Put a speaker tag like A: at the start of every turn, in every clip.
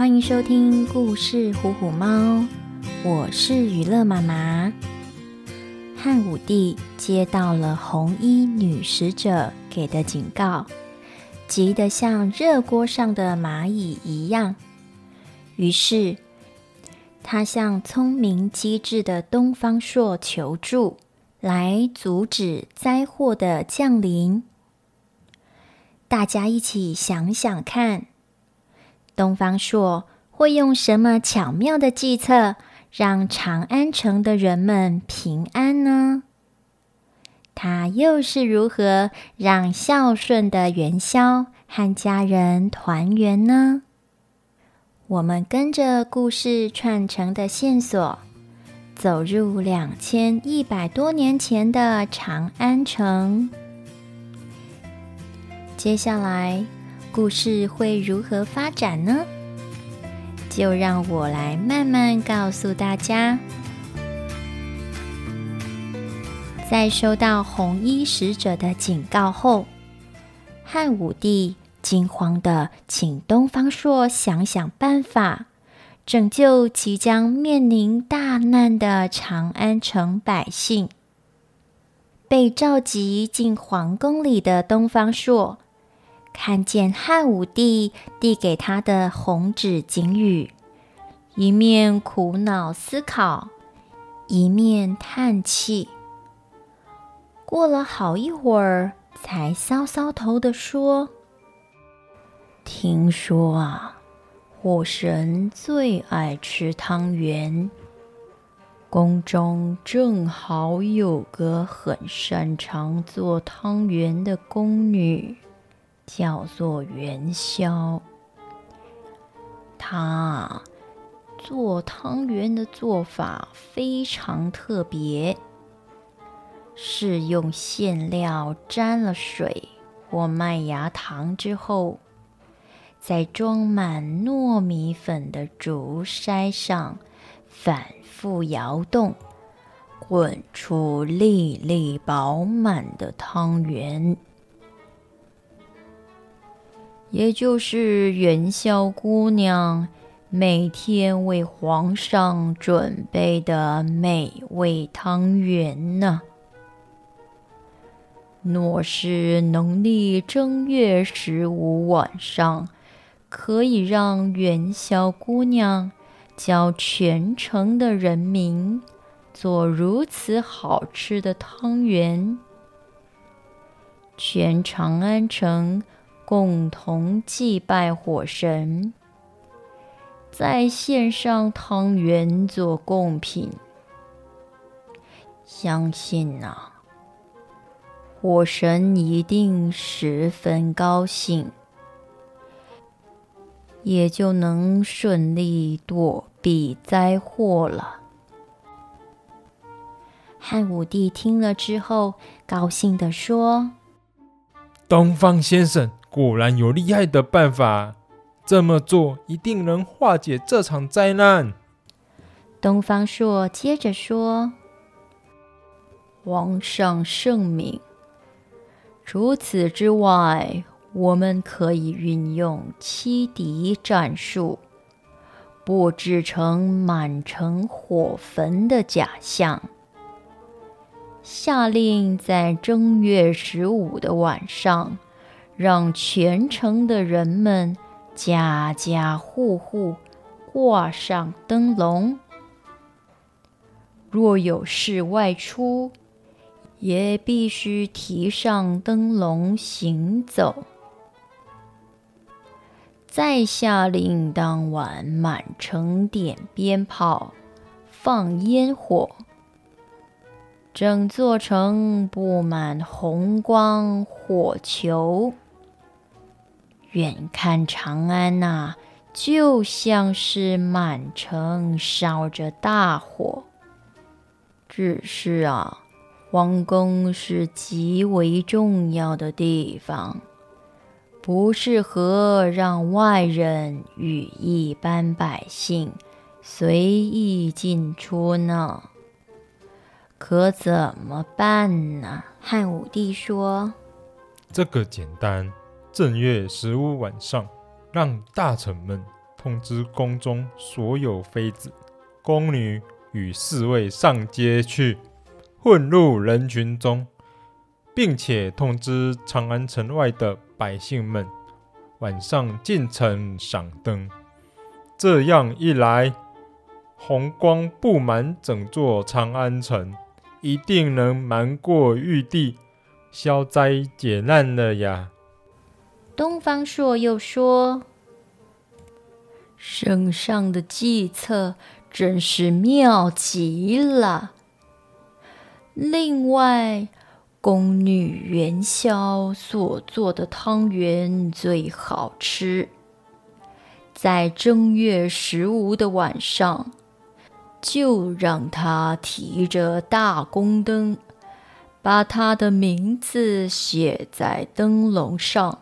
A: 歡迎收聽故事《虎虎貓》，我是娛樂媽媽。漢武帝接到了紅衣女使者給的警告，急得像熱鍋上的螞蟻一樣。於是，他向聰明機智的東方朔求助，來阻止災禍的降臨。大家一起想想看。東方朔會用什麼巧妙的計策讓長安城的人們平安呢？他又是如何讓孝順的元宵和家人團圓呢？我們跟着故事串成的線索，走入兩千一百多年前的長安城。接下來。故事會如何發展呢？就讓我來慢慢告訴大家。在收到紅衣使者的警告後，漢武帝驚慌地請東方朔想想辦法，拯救即將面臨大難的長安城百姓。被召集進皇宮裡的東方朔。看見漢武帝遞給他的紅紙警語，一面苦惱思考，一面嘆氣。過了好一會兒，才搔搔頭地說：“聽說啊，火神最愛吃湯圓，宮中正好有個很擅長做湯圓的宮女。”叫做元宵，它做湯圓的做法非常特別，是用餡料沾了水或麥芽糖之後，在裝滿糯米粉的竹篩上反復搖動，滾出粒粒飽滿的湯圓。也就是元宵姑娘每天為皇上準備的美味湯圓呢。若是農曆正月十五晚上，可以讓元宵姑娘教全城的人民做如此好吃的湯圓，全長安城。共同祭拜火神，再獻上湯圓做貢品，相信吶、啊，火神一定十分高興，也就能順利躲避災禍了。漢武帝聽了之後，高興地說：“
B: 東方先生。”果然有厲害的辦法，這麼做一定能化解這場災難。
A: 東方朔接着說：“王上聖明。除此之外，我們可以運用欺敵戰術，布置成滿城火焚的假象，下令在正月十五的晚上。”讓全城的人們家家戶戶，掛上燈籠。若有事外出，也必須提上燈籠行走。再下令當晚，滿城點鞭炮，放煙火，整座城布滿紅光火球。遠看長安吶、啊，就像是滿城燒着大火。只是啊，皇宮是極為重要的地方，不適合讓外人與一般百姓隨意進出呢。可怎麼辦呢？漢武帝說：“
B: 這個簡單。”正月十五晚上，讓大臣們通知宮中所有妃子、宮女與侍衛上街去，混入人群中，並且通知長安城外的百姓們，晚上進城賞燈。這樣一來，紅光布滿整座長安城，一定能瞞過玉帝，消災解難了呀！
A: 東方朔又說：“聖上的計策真是妙極了。另外，宮女元宵所做的湯圓最好吃，在正月十五的晚上，就讓他提着大宮燈，把他的名字寫在燈籠上。”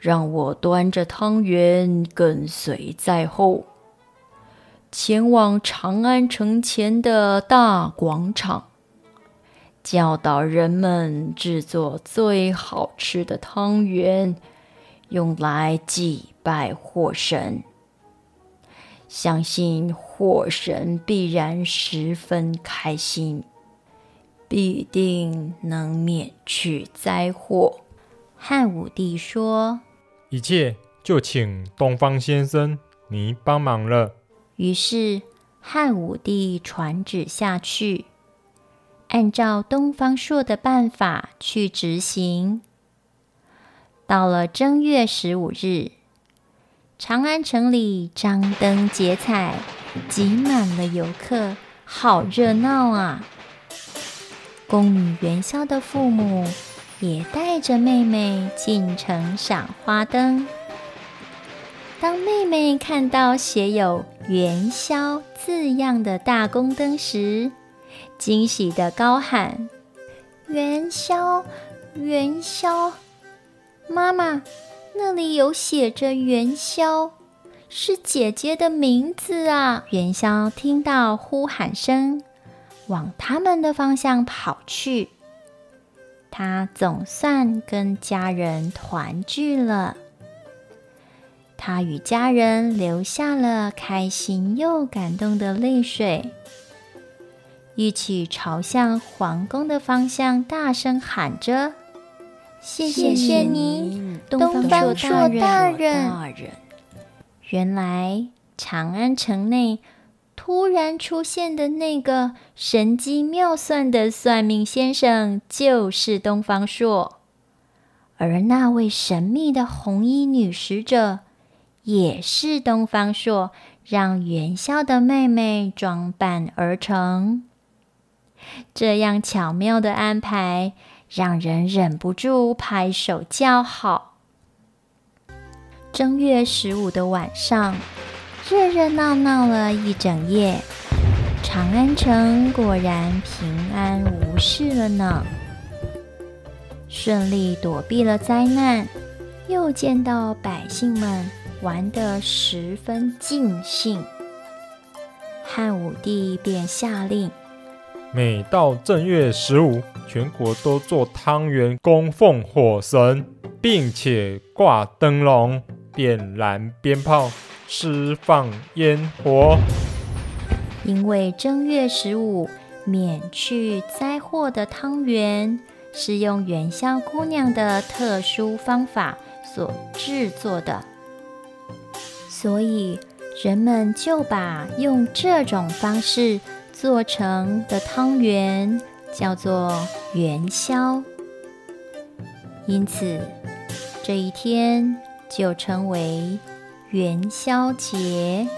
A: 讓我端着湯圓跟隨在後，前往長安城前的大廣場，教導人們制作最好吃的湯圓，用來祭拜火神。相信火神必然十分開心，必定能免去災禍。漢武帝說。
B: 一切就請東方先生您幫忙了。
A: 於是漢武帝傳旨下去，按照東方朔的辦法去執行。到了正月十五日，長安城裡張燈結彩，擠滿了遊客，好熱鬧啊！宮女元宵的父母，也帶着妹妹進城賞花燈。當妹妹看到寫有“元宵”字樣的大宮燈時，驚喜地高喊：“元宵，元宵！媽媽，那裡有寫着‘元宵’，是姐姐的名字啊！”元宵聽到呼喊聲，往他們的方向跑去。他總算跟家人團聚了。他與家人流下了開心又感動的淚水，一起朝向皇宮的方向大聲喊着：“謝謝你，謝謝你，東方朔大，大人！”原來，長安城內。突然出現的那個神機妙算的算命先生就是東方朔，而那位神秘的紅衣女使者也是東方朔讓元宵的妹妹裝扮而成。這樣巧妙的安排，讓人忍不住拍手叫好。正月十五的晚上，熱熱鬧鬧了一整夜，長安城果然平安無事了呢。順利躲避了災難，又見到百姓們玩得十分盡興。漢武帝便下令，
B: 每到正月十五，全國都做湯圓供奉火神，並且掛燈籠、點燃鞭炮。釋放煙火。
A: 因為正月十五免去災禍的湯圓是用元宵姑娘的特殊方法所製作的，所以人們就把用這種方式做成的湯圓叫做元宵。因此，這一天就稱為元宵節。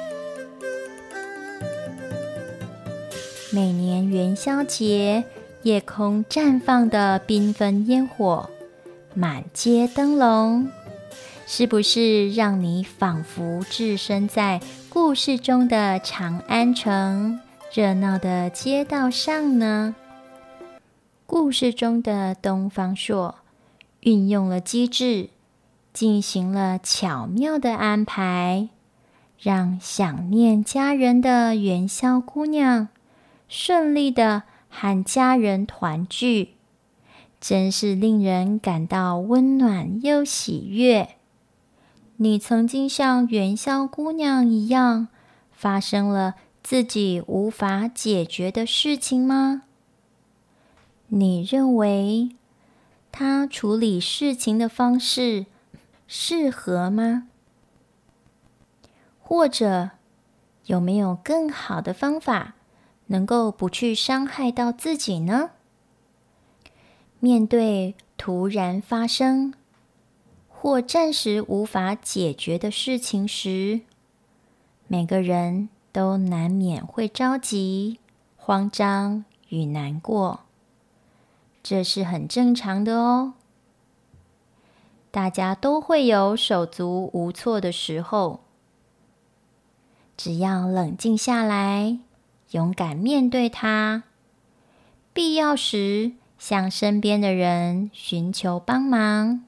A: 每年元宵節，夜空綻放的繽紛煙火，滿街燈籠，是不是讓你仿佛置身在故事中的長安城，熱鬧的街道上呢？故事中的東方朔運用了機智，進行了巧妙的安排，讓想念家人的元宵姑娘順利的和家人團聚，真是令人感到溫暖又喜悅。你曾經像元宵姑娘一樣，發生了自己無法解決的事情嗎？你認為她處理事情的方式，適合嗎？或者有沒有更好的方法，能夠不去傷害到自己呢？面對突然發生或暫時無法解決的事情時，每個人都難免會着急、慌張與難過，這是很正常的哦。大家都會有手足無措的時候，只要冷靜下來，勇敢面對它，必要時向身邊的人尋求幫忙，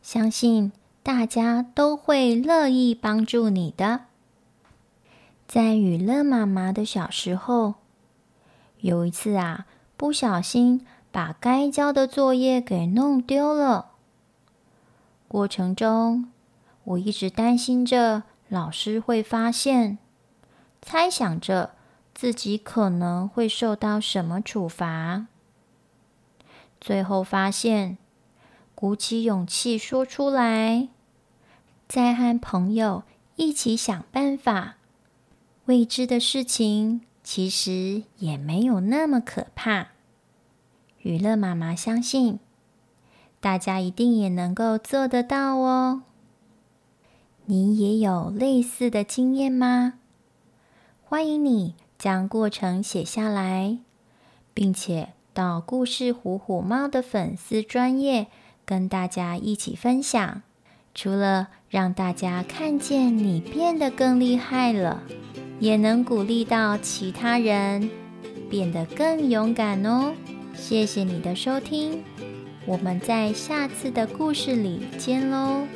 A: 相信大家都會樂意幫助你的。在雨樂媽媽的小時候，有一次啊，不小心把該交的作業給弄丟了。過程中，我一直擔心着老師會發現，猜想着自己可能會受到什麼處罰。最後發現，鼓起勇氣說出來，再和朋友一起想辦法。未知的事情其實也沒有那麼可怕。娛樂媽媽相信。大家一定也能夠做得到哦！你也有類似的經驗嗎？歡迎你將過程寫下來，並且到故事虎虎貓的粉絲專頁跟大家一起分享。除了讓大家看見你變得更厲害了，也能鼓勵到其他人變得更勇敢哦！謝謝你的收聽。我們在下次的故事裡見嘍。